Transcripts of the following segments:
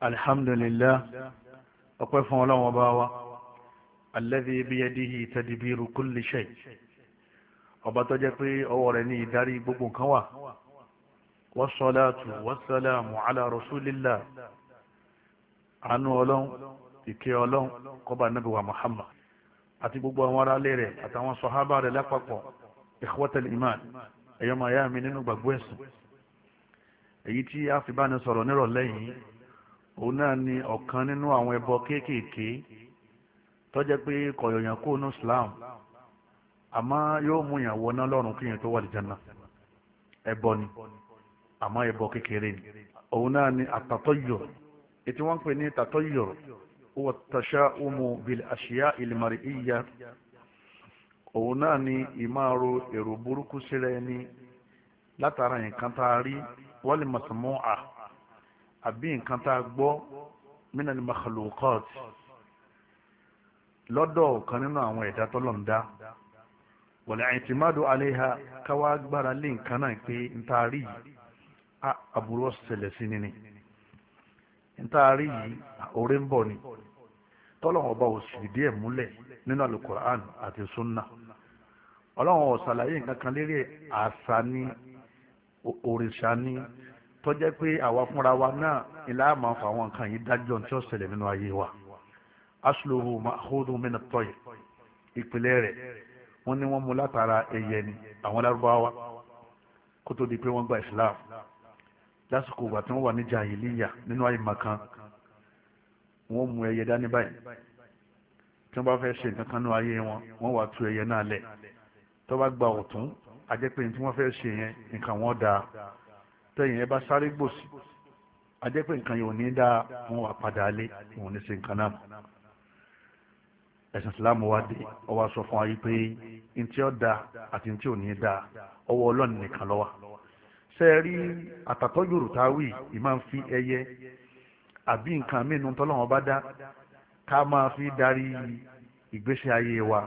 alhamdulillah ọpẹ́ fún ọlọ́wọ́n bá wa alladhi biyadihi tadbiru kulli shay ọba tó jẹ́ pé ọwọ́ rẹ̀ ní ìdarí gbogbo nǹkan wà wassalatu wassalamu ala rasulillah àánú ọlọ́run ìkẹ́ ọlọ́run kọba nabi wa muhammad àti gbogbo àwọn ará lé rẹ̀ àtàwọn sọ̀hábà rẹ̀ lápapọ̀ ikhwatal iman ẹ̀yọ́ màá mi nínú gbàgbọ́ ẹ̀sìn èyí tí a fi bá ní sọ̀rọ̀ nírọ̀lẹ́ yìí òun náà ni ọ̀kan nínú àwọn ẹbọ kéékèèké tó pé kọ̀yọ̀yàn kó nu Islam àmọ́ yóò mú yàn wọná lọ́rùn kí yẹn tó wà lìjánná ẹbọ ni àmọ́ ẹbọ kékeré ni òun náà ni àtàtọ́yọ̀ ètí wọ́n ń pè ní àtàtọ́yọ̀ huwa tasha'umu bil ashiya il mar'iyya òun náà ni ìmáàrò èrò burúkú síra ẹni látara nǹkan tá a rí àbí nǹkan tá a gbọ́ minal makhluqat lọ́dọ̀ kan nínú àwọn ẹ̀dá tọ́lọ́n dá wal i'timadu alayha káwá gbára lé nǹkan náà pé n ta rí yìí àbúrò ṣẹlẹ̀ sí ni ni n ta rí yìí oore ń bọ̀ ni tọ́lọ́wọ́n ọba ò sì díẹ̀ múlẹ̀ nínú alukur'an àti sunna ọlọ́wọ́n ọ̀sàlàyé nǹkan kan lérí àṣà ni òrìṣà ni tó jẹ́ pé àwa fúnra wa náà ilá máa fa àwọn nǹkan yìí dájọ́ tí ó ṣẹlẹ̀ nínú ayé wa asluhu ma'khudun min at-tayr ìpìlẹ̀ rẹ̀ wọ́n ní wọ́n mú látara ẹyẹ ni àwọn lárúbáwá kó tó di pé wọ́n gba islam lásìkò ìgbà tí wọ́n wà ní jahiliya nínú ayé makan wọ́n mú ẹyẹ dání báyìí tí wọ́n bá fẹ́ ṣe nǹkan kan ayé wọn wọ́n wà tú ẹyẹ náà lẹ̀ tó bá gba ọ̀tún àjẹpẹ́ tí wọ́n fẹ́ ṣe yẹn nǹkan wọn dáa tẹ̀yìn ẹ bá sáré gbòsì ajẹ́ pé nǹkan yóò ní dá wọn wà padà lé wọn ní sí nǹkan náà ẹ̀sìn Islam wa dé ọwọ́ aṣọ fún ayé pé ntí ó da àti ntí ò ní da ọwọ́ Ọlọ́run nìkan ló wà ṣe rí àtàtọ́ yorùbá wì í máa ń fi ẹyẹ àbí nǹkan mìíràn tọ́lọ́wọ́n bá dá ká máa fi darí ìgbésí ayé wa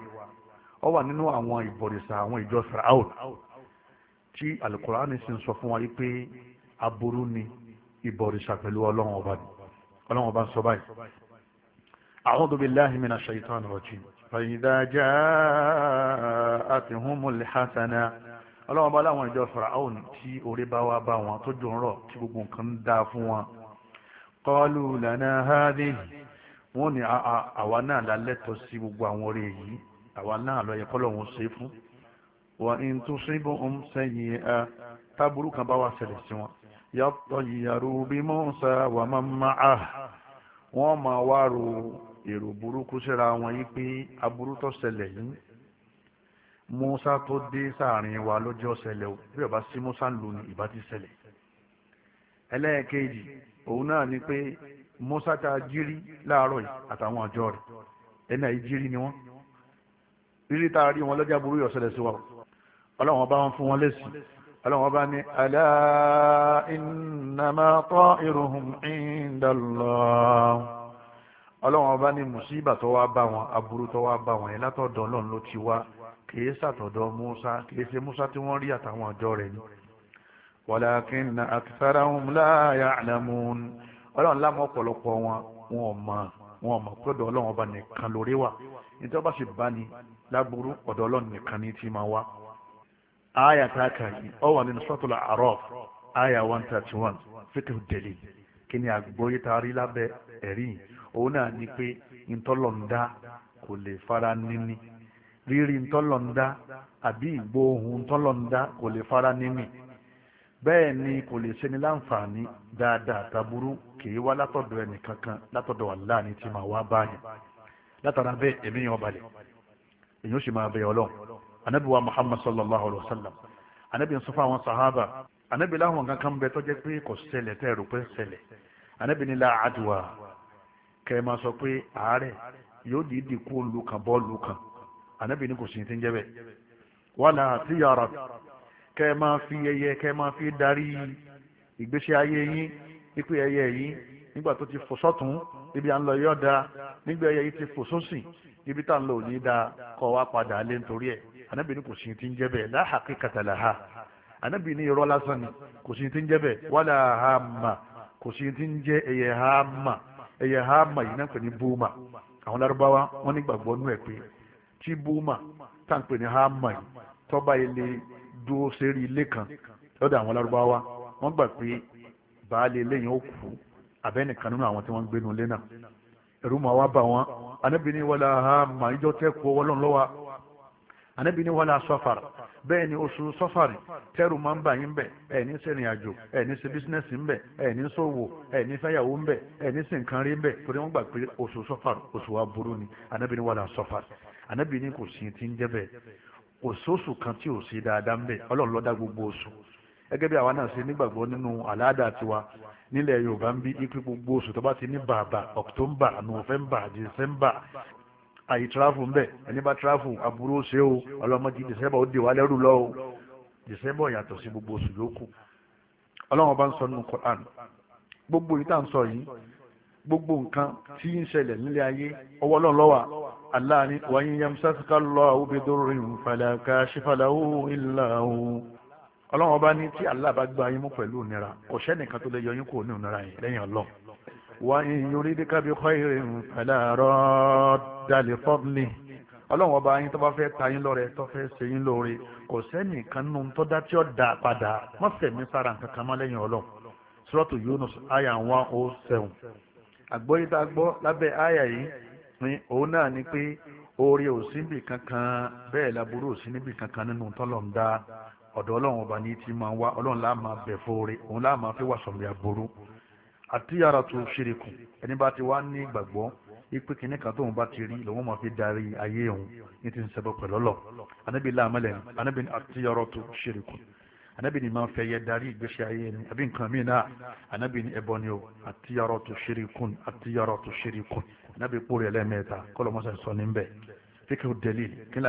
ó wà nínú àwọn ìbọ̀rìṣà àwọn ìjọ Fáráò tí alukur'ani sì ń sọ fún wa yìí pé aburú ni ìbọ̀rìṣà pẹ̀lú ọlọ́run ọba ni ọlọ́run ọba ń sọ báyìí. a'udhu billahi minash shaitani rajim. fa idha ja'atuhumul hasana ọlọ́run ọba láwọn ìjọ Fáráò tí orí bá wá bá wọn tó jò ń rọ̀ tí gbogbo nǹkan ń dáa fún wọn. qalu lana hadhihi wọ́n ní àwa náà lálẹ́tọ̀ sí gbogbo àwọn orí èyí àwa náà lọ yẹ kọ́lọ̀ wọn ṣe fún wà ní tó ṣíbọ̀ ń sẹ́yìn ẹ̀ tábúrú kan bá wà ṣẹlẹ̀ sí wọn yàtọ̀ ìyàrú bí Mùsá wà máa ma á wọ́n máa wá ro èrò burúkú síra wọn yí pé aburú tó ṣẹlẹ̀ yìí Mùsá tó dé sáàrin wa lọ́jọ́ ṣẹlẹ̀ bí ọba sí Mùsá ń ti ṣẹlẹ̀ ẹlẹ́ẹ̀kejì òun náà ni pé Mùsá ta jírí láàárọ̀ yìí àtàwọn àjọ rẹ̀ ẹni àìjírí ni wọ́n rírí tá rí wọn lọ́jà burú yọ̀ ṣẹlẹ̀ sí wa ọlọ́run ọba ń fún wọn lésì ọlọ́run ọba ní alá innama ta'iruhum indallah ọlọ́run ọba ní mùsíbà tó wá bá wọn aburú tó wá bá wọn yẹn látọ̀dọ̀ ọlọ́run ló ti wá kìí sàtọ̀dọ̀ musa kìí ṣe musa tí wọ́n rí àtàwọn ọjọ́ rẹ̀ ni walakinna aktharahum la ya'lamun ọlọ́run lámọ́ ọ̀pọ̀lọpọ̀ wọn wọn mọ̀ wọn mọ̀ pẹ́dọ̀ ọlọ́run ọba nìkan lórí wà nítorí ọba sì bá ní lágbóró ọ̀dọ̀ ọlọ́run nìkan ní ti máa wá aya ta kàyí ọ wà nínú suratul A'raf aya one thirty one fíkì dèlè kí ni àgbóyè ta rí lábẹ́ ẹ̀rí yìí òun náà ni pé ntọ́lọ̀ǹda kò lè fara níní rírí ntọ́lọ̀ǹda kò lè fara ni kò lè ṣe ní láǹfààní dáadáa taburú kì í wá látọ̀dọ̀ ẹnì kankan látọ̀dọ̀ Allah ni tí máa wá báyìí látara bẹ́ẹ̀ èmi yàn balẹ̀ èyí ó sì máa bẹ ọlọ́run anabi wa muhammad sallallahu alayhi wa sallam anabi ń sọ fún àwọn sahaba anabi láwọn kankan bẹ tó jẹ́ pé kò ṣẹlẹ̀ tẹ́ rò pé ṣẹlẹ̀ anabi ní la adwa kẹ́ ẹ máa sọ pé àárẹ̀ yóò di ìdìkú òǹlù kan bọ́ọ̀lù kan anabi ní kò sí ti ń jẹ́ bẹ́ẹ̀ wàlà tiyara kẹ́ ẹ máa fi ẹyẹ kẹ́ ẹ máa fi darí ìgbésí ayé yín ipe ẹyẹ yìí nígbà tó ti fò sọ́tún ibi à ń lọ yọ̀ da nígbà ti fò sósì ibi tá à ń da kọ́ wa padà lé nítorí ẹ̀ anábì ní kò sí ti ń jẹ́ bẹ́ẹ̀ la haqiqata laha anábì ní irọ́ lásán ni kò ti wala hama kò sí ti ń jẹ́ ẹyẹ hama ẹyẹ hama yìí náà pè ní búùmà àwọn lárúbáwá wọn nígbàgbọ́ nú pé tí tá pè ní hama yìí tọ́ba ilé dúró sérí ilé kan lọ́dọ̀ àwọn larubawa wọ́n gbà pé baálé lẹ́yìn ó kú abẹ́nìkan nínú àwọn tí wọ́n ń gbénu wá bà wọ́n ìjọ ànábì ní wàlá sọfàr bẹ́ẹ̀ ni oṣù sọfàr tẹ́rù máa ń bà yín bẹ̀ ẹ̀ ní sẹ́rìn àjò ẹ̀ ní ṣe bísínẹ́sì ń bẹ̀ ẹ̀ ní ṣòwò ẹ̀ ní fẹ́yàwó ń bẹ̀ ẹ̀ ní sìnkan rí ń bẹ̀ torí wọ́n gbà pé oṣù sọfàr oṣù wa burú ni ànábì ní wàlá sọfàr ànábì ní kò sí ti ń jẹ́ bẹ́ẹ̀ kò sóṣù kan tí ò sí dáadáa ń bẹ̀ ọlọ́run gbogbo oṣù gẹ́gẹ́ bí àwa náà ṣe nígbàgbọ́ nínú àláàdà tiwa nílẹ̀ yorùbá ń bí ipe gbogbo oṣù tó ti ní bàbà october november december àyè tíráfù ń bẹ̀ ẹni bá tíráfù aburú ó ṣe o ọlọ́mọdé dẹ̀sẹ̀bọ̀ ó dè wá lẹ́rù lọ o dẹ̀sẹ̀bọ̀ yàtọ̀ sí gbogbo oṣù lókù ọlọ́run bá ń sọ nínú Quran gbogbo yìí tá à ń sọ yìí gbogbo nǹkan tí ń ṣẹlẹ̀ nílé ayé ọwọ́ ọlọ́run ló wà Allah ni wa in yamsaska Allahu bidurrin fala kashifa lahu illa hu ọlọ́run ọba ní tí Allah bá yín mú pẹ̀lú ìnira kò sẹ́nìkan tó lè yọ yín kúrò ní ìnira yẹn lẹ́yìn ọlọ́run وإن يريدك بخير فلا راد لفضله ọlọ́run ọba yín tó bá fẹ́ ta yín lọ́rẹ tó fẹ́ ṣe yín lóore kò sẹ́ni kan nù tó dá tí ó dà padà wọ́n fẹ̀mí sára nǹkan kan mọ́ lẹ́yìn ọlọ́run sọ́ọ̀tù Yunus aya one oh seven àgbọ́yé tá a gbọ́ lábẹ́ aya yìí ni òun náà ni pé oore ò sí níbì kankan bẹ́ẹ̀ laburú ò sí níbì kankan nínú tọ́lọ̀ ń dá ọ̀dọ̀ ọlọ́run ọba ní ti máa wá ọlọ́run láà máa bẹ̀ fóore òun láà máa fi wà sọ̀rọ̀ àbúrú àti yàrá tó ṣerékù ẹni bá ti wá ní ìgbàgbọ́ ipe kìíní kan tóun bá ti rí lòun máa fi darí ayé òun ní ti ń ṣẹbọ pẹ̀lú ọlọ anábì láàmúlẹ̀ anábì àti yàrá tó ṣerékù anábì ni máa fẹ́ yẹ darí ìgbésí ayé ni àbí nǹkan míì náà anábì ni ẹbọ ni o àti yàrá tó ṣerékù àti yàrá tó ṣerékù anábì kúrò ẹlẹ́mẹ̀ẹ́ta kọ́lọ́mọ́sà sọ ní bẹ́ẹ̀ fíkẹ́ òdẹ́lì kí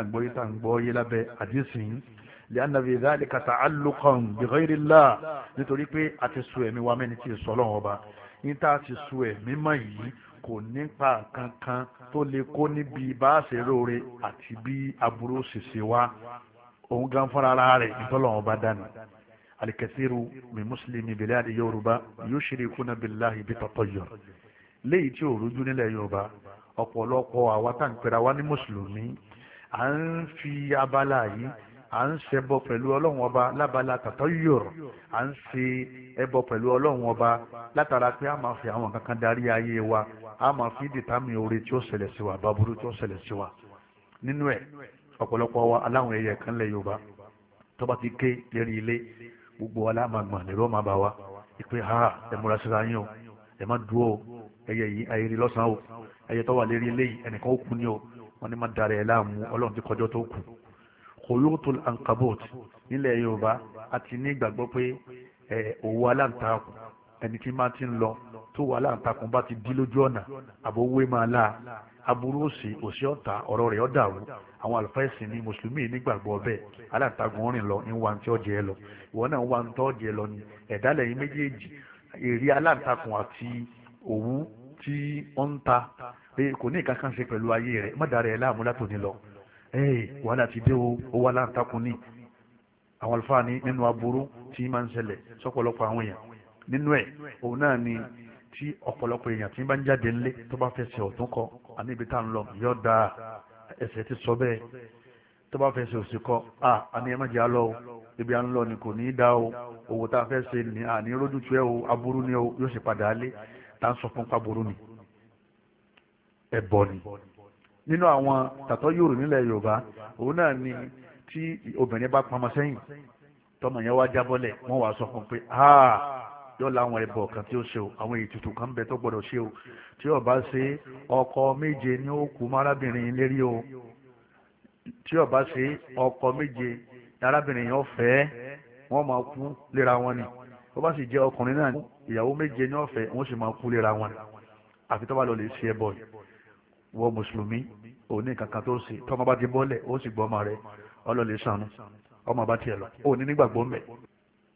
lẹ́yìn fi dhalika ta'alluqan bi ghayri Allah nítorí pé a ti sọ ẹ̀mí wa mẹ́ni tí ì sọ lọ́wọ́ ọba ní tá a ti sọ ẹ̀mí mọ́ yìí kò nípa kankan tó lè kó níbi bá àti bí aburú ṣèṣe wa òun gan fúnra rẹ̀ ìtọ́lọ́wọ́n bá dànù. الكثير من مسلمي بلاد يوروبا يشركون بالله بتطير léyìí tí òrùjú nílẹ̀ yorùbá ọ̀pọ̀lọpọ̀ àwa tá à ń pera wa ní mùsùlùmí à ń fi abala yìí à ń ṣe pẹ̀lú ọlọ́run ọba lábala tàtọ́ yòrò à ń ṣe ẹbọ pẹ̀lú ọlọ́run ọba látara pé a máa fi àwọn kankan darí ayé wa a máa fi dìtámì oore tí ó ṣẹlẹ̀ sí wa bàbúrú tí ó ṣẹlẹ̀ sí wa nínú ẹ̀ ọ̀pọ̀lọpọ̀ wa aláwọn ẹyẹ kan lẹ̀ yorùbá tó bá ti ké lérí ilé gbogbo wa láàmà gbọ̀n lérò máa bá wa ìpè ha ẹ múra síra yín o ẹ má dúró o ẹyẹ yìí ayẹyẹ lọ́sàn-án o ẹyẹ tó lérí ilé yìí ẹnìkan ó kú ni o wọ́n ní má darẹ̀ ẹ̀ láàmú ọlọ́run ti kọjọ́ tó kù kòlóòtò ankabot nílẹ̀ yorùbá a ti ní ìgbàgbọ́ pé òwò aláǹtakùn ẹni tí máa ti ń lọ tó wà aláǹtakùn bá ti dí lójú ọ̀nà àbówé máa la aburú òsì òsì ọ̀tá ọ̀rọ̀ rẹ̀ ọ̀dàrú àwọn àlùfáà ẹ̀sìn ní mùsùlùmí nígbàgbọ́ bẹ́ẹ̀ aláǹtakùn rìn lọ ń wa ti ọ̀jẹ̀ lọ ìwọ náà ń wa ti ọ̀jẹ̀ lọ ni ẹ̀dá lẹ́yìn méjèèjì èrè aláǹtakùn àti òwú tí ó ń ta kò ní ìkankan ṣe pẹ̀lú ayé rẹ̀ mọ́dàrẹ́ láàmú látòní lọ ẹ̀ wàhálà ti dé o wà láǹtakùn ní àwọn àlùfáà ní nínú aburú tí máa ń ṣẹlẹ̀ sọ́pọ̀lọpọ̀ àwọn èèyàn nínú ẹ̀ òun náà ni tí ọ̀pọ̀lọpọ̀ èèyàn tí bá ń jáde ńlé tó bá fẹsẹ̀ ọ̀tún kọ àní ibi tá à ń lọ yọ̀ dáa ẹsẹ̀ ti sọ bẹ́ẹ̀ tó bá fẹsẹ̀ òsì kọ à àní ẹ má jẹ́ àlọ́ o ibi à ń lọ ni kò ní í dá o owó tá a fẹ́ ṣe ni àní rójútu ẹ o aburú ni o yóò sì padà á lé tá à ń sọ fún pàbórú ni ẹ̀bọ ni nínú àwọn tàtọ́ yòrò nílẹ̀ yorùbá òun náà ni tí obìnrin bá pamọ́ sẹ́yìn tọmọ yẹn wá jábọ́lẹ̀ wọ́n wàá sọ fún pé haa la àwọn ẹbọ kan tí ó ṣe o àwọn ètùtù kan bẹ tó gbọ́dọ̀ ṣe o tí ó bá ṣe ọkọ méje ni ó kú márábìnrin lérí o tí ó bá ṣe ọkọ méje ni arábìnrin yẹn fẹ́ wọ́n máa kú léra wọn ni ó bá sì jẹ́ ọkùnrin náà ìyàwó méje ni ó wọ́n sì máa kú léra wọn àfi tó bá lọ lè ṣe ẹbọ yìí wọ mùsùlùmí òní kankan tó ṣe tọ́mọ bá ti bọ́lẹ̀ ó sì gbọ́ ọmọ rẹ ọlọ́lẹ̀ sànú ọmọ bá tiẹ̀ lọ òní nígbàgbọ́ mẹ́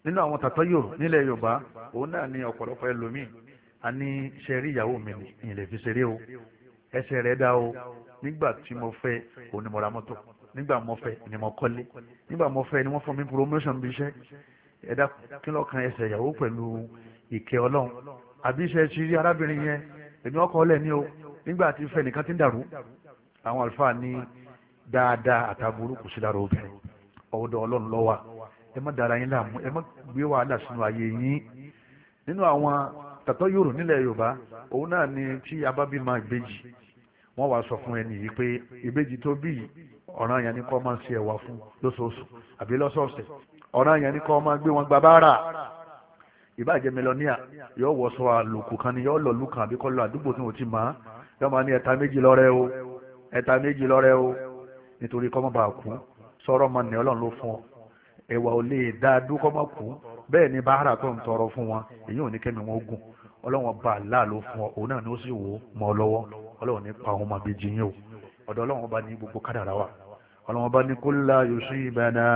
nínú àwọn tàtọ́ yòrò nílẹ̀ yorùbá òun náà ní ọ̀pọ̀lọpọ̀ ẹlòmíì a ní sẹ́rí ìyàwó mi ìlẹ̀ fi ṣeré o ẹsẹ̀ rẹ̀ dá o nígbà tí mo fẹ́ òní mo ra mọ́tò nígbà mo fẹ́ ni mo kọ́lé nígbà mo fẹ́ ni wọ́n fún mi promotion bí iṣẹ́ ẹ̀dá kí ẹsẹ̀ ìyàwó pẹ̀lú ìkẹ́ ọlọ́run àbí iṣẹ́ ti rí arábìnrin yẹn èmi ọkọ̀ ọlẹ́ ní o nígbà tí fẹ́ nìkan ti ń dàrú àwọn àlùfáà ní dáadáa àtàbúrú kò sí lára obìnrin ọ̀dọ̀ ọlọ́run lọ́wà ẹ má dára yín láàmú ẹ má gbé wàhálà sínú ayé yín nínú àwọn tàtọ́ yòrò nílẹ̀ yorùbá òun náà ni tí abábímọ ìbejì wọ́n wàá sọ fún ẹni yìí pé ìbejì tó bí ọ̀ràn yẹn ni kọ́ máa ń ṣe ẹ̀wà fún lóṣooṣù àbí lọ́sọ̀ọ̀sẹ̀ ọ̀ràn yẹn ni kọ́ máa gbé wọn gba báárà ìbàjẹ́ mélòníà yóò wọṣọ àlòkù kan ni yóò lọ lù kan àbí kọ́ lọ àdúgbò tí wọ́n ti máa yọ máa ní ẹ̀ta méjì lọ́rẹ́ o ẹ̀ta méjì lọ́rẹ́ o nítorí kọ́ mọ́ bá kú sọ̀rọ̀ mọ́ ní ọlọ́run ló fún ọ ẹ̀wà ò lè dá a dúkọ́ kú bẹ́ẹ̀ ni bàárà tó ń tọrọ fún wọn èyí ò ní kẹ́mi wọn gùn ọlọ́run bá a ló fún ọ òun náà ni ó sì wò ó mọ́ ọ lọ́wọ́ ọlọ́run ní pa àwọn ọmọ bíi yín o ọ̀dọ̀ ọlọ́run bá ní gbogbo kádàrá wa ọlọ́run bá ní kulla yusibana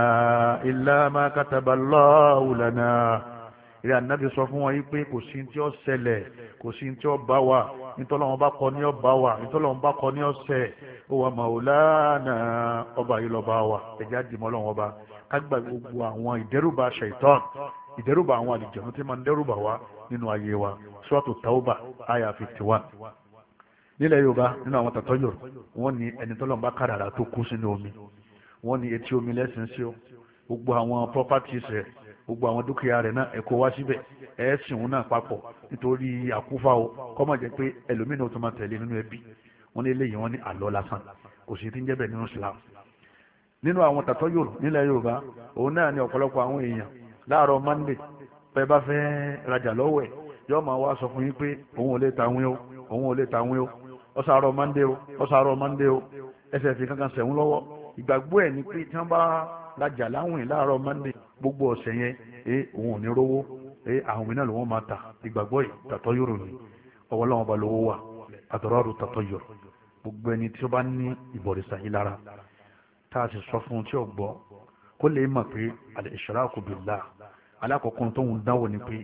illa ma kataballahu lana ìrẹ́ ànábì sọ fún wọn yí pé kò sí tí ó ṣẹlẹ̀ kò sí tí ó bá wà nítorí wọn bá kọ ní ó bá wà nítorí wọn bá kọ ní ó ṣẹ ó wà màúlánà ọba yìí lọ́ba wà ẹ̀jẹ̀ àdìmọ́ lọ́wọ́ ọba kágbà gbogbo àwọn ìdẹ́rùbà ṣaitan ìdẹ́rùbà àwọn àlìjẹ̀nu tí máa ń dẹ́rùbà wá nínú ayé wa suratu tauba aya fifty one nílẹ̀ yorùbá nínú àwọn tàtọ́jọ́ wọ́n ní ẹni tọ́lọ́run bá kádàrá tó kú sínú omi wọ́n ní etí omi lẹ́sìn sí ọ gbogbo àwọn properties rẹ̀ gbogbo àwọn dúkìá rẹ̀ náà ẹ̀kọ́ wá síbẹ̀ ẹ̀ sìn òun náà papọ̀ nítorí àkúfà o kọ́mọ̀ jẹ́ pé ẹlòmínà ó tún máa tẹ̀lé nínú ẹbí wọn ní eléyìí wọn ní àlọ́ lásán kò sí ti ń jẹ́bẹ̀ nínú Islam nínú àwọn tàtọ́ yòrò nílẹ̀ Yorùbá òun náà ní ọ̀pọ̀lọpọ̀ àwọn èèyàn láàárọ̀ Monday pẹ́ bá fẹ́ rajà lọ́wọ́ ẹ̀ yóò máa wá sọ fún yín pé òun ò lè ta wín o òun ò lè ta wín o ọ̀sàárọ̀ Monday o ọ̀sàárọ̀ Monday o ẹsẹ̀ fi kankan sẹ̀wọ́n lajà láwìn láàárọ̀ mọ́ndé gbogbo ọ̀sẹ̀ yẹn ẹ òun ò ní rówó ẹ àwìn náà lòun máa ta ìgbàgbọ́ yìí tàtọ́ yòrò ni ọwọ́ làwọn ọba lówó wà àtọ̀rọ̀rù tàtọ́ yòrò gbogbo ẹni tí ó bá ní ìbọ̀rìṣà yìí lára tá a sì sọ fún un tí ó gbọ́ kó lè mọ̀ pé àlẹ́ ìṣọ́ra kò bì láà alákọ̀ọ́kọ́ tóun dáwọ́ ni pé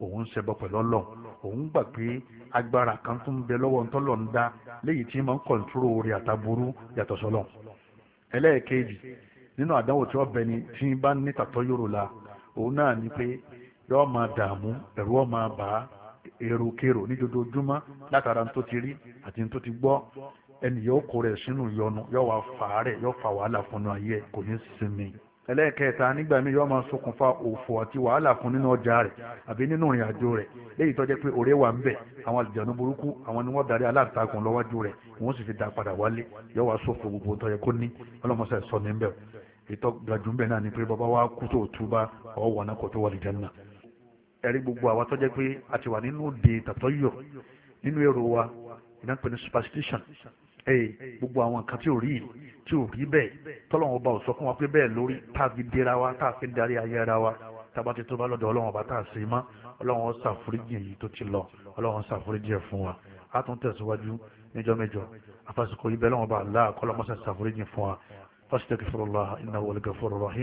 òun ṣẹbọ pẹ̀lú ọlọ́run òun gbà pé agbára kan tó ń bẹ lọ́wọ́ ntọ́lọ̀ ń dá léyìí tí máa ń kọ̀ǹtúrò orí àtàbúrú yàtọ̀ sọ́lọ̀ ẹlẹ́ẹ̀kejì nínú àdánwò tí wọ́n bẹ ni tí bá ní tàtọ́ yòrò la òun náà ni pé yọ́ọ́ máa dààmú ẹ̀rù ọ̀ máa bà á èrò kèrò ní dojoojúmọ́ látara tó ti rí àti tó ti gbọ́ ẹnì yóò kó rẹ̀ sínú yọnu yóò wá fà á fà wàhálà fún ayé kò ní sinmi ẹlẹ́ẹ̀kẹta nígbà míì yóò máa ṣokùnfà òfò àti wàhálà fún nínú ọjà rẹ̀ àbí nínú ìrìn àjò rẹ̀ léyìí tó jẹ́ pé òré wà ń bẹ̀ àwọn àlùjànnú burúkú àwọn ni wọ́n darí aláǹtakùn lọ́wájú rẹ̀ wọ́n sì fi dá padà wálé yóò wá ṣòfò gbogbo tó yẹ kó ní ọlọ́mọṣẹ́ sọ ní bẹ́ẹ̀ ètò gbajúmbẹ̀ náà ni pé bàbá wa kú tó túbá ọ̀wọ̀ náà wà lìjánná tó wà nínú ee gbogbo àwọn nǹkan tí ò rí tí ò rí bẹ́ẹ̀ tọ́lọ́wọ́n ọba ò sọ fún wa pé bẹ́ẹ̀ lórí tá a fi dira wa tá a fi darí ayé ara wa tába ti tó bá lọ́dọ̀ ọlọ́wọ́n ọba tá a ṣe mọ́ ọlọ́wọ́n ṣàforíjì èyí tó ti lọ ọlọ́wọ́n ṣàforíjì ẹ̀ fún wa a tún tẹ̀síwájú níjọ́ mẹ́jọ afásitì lọ́wọ́n ọba àlá kọ́lọ́mọ́sà ṣàforíjì fún wa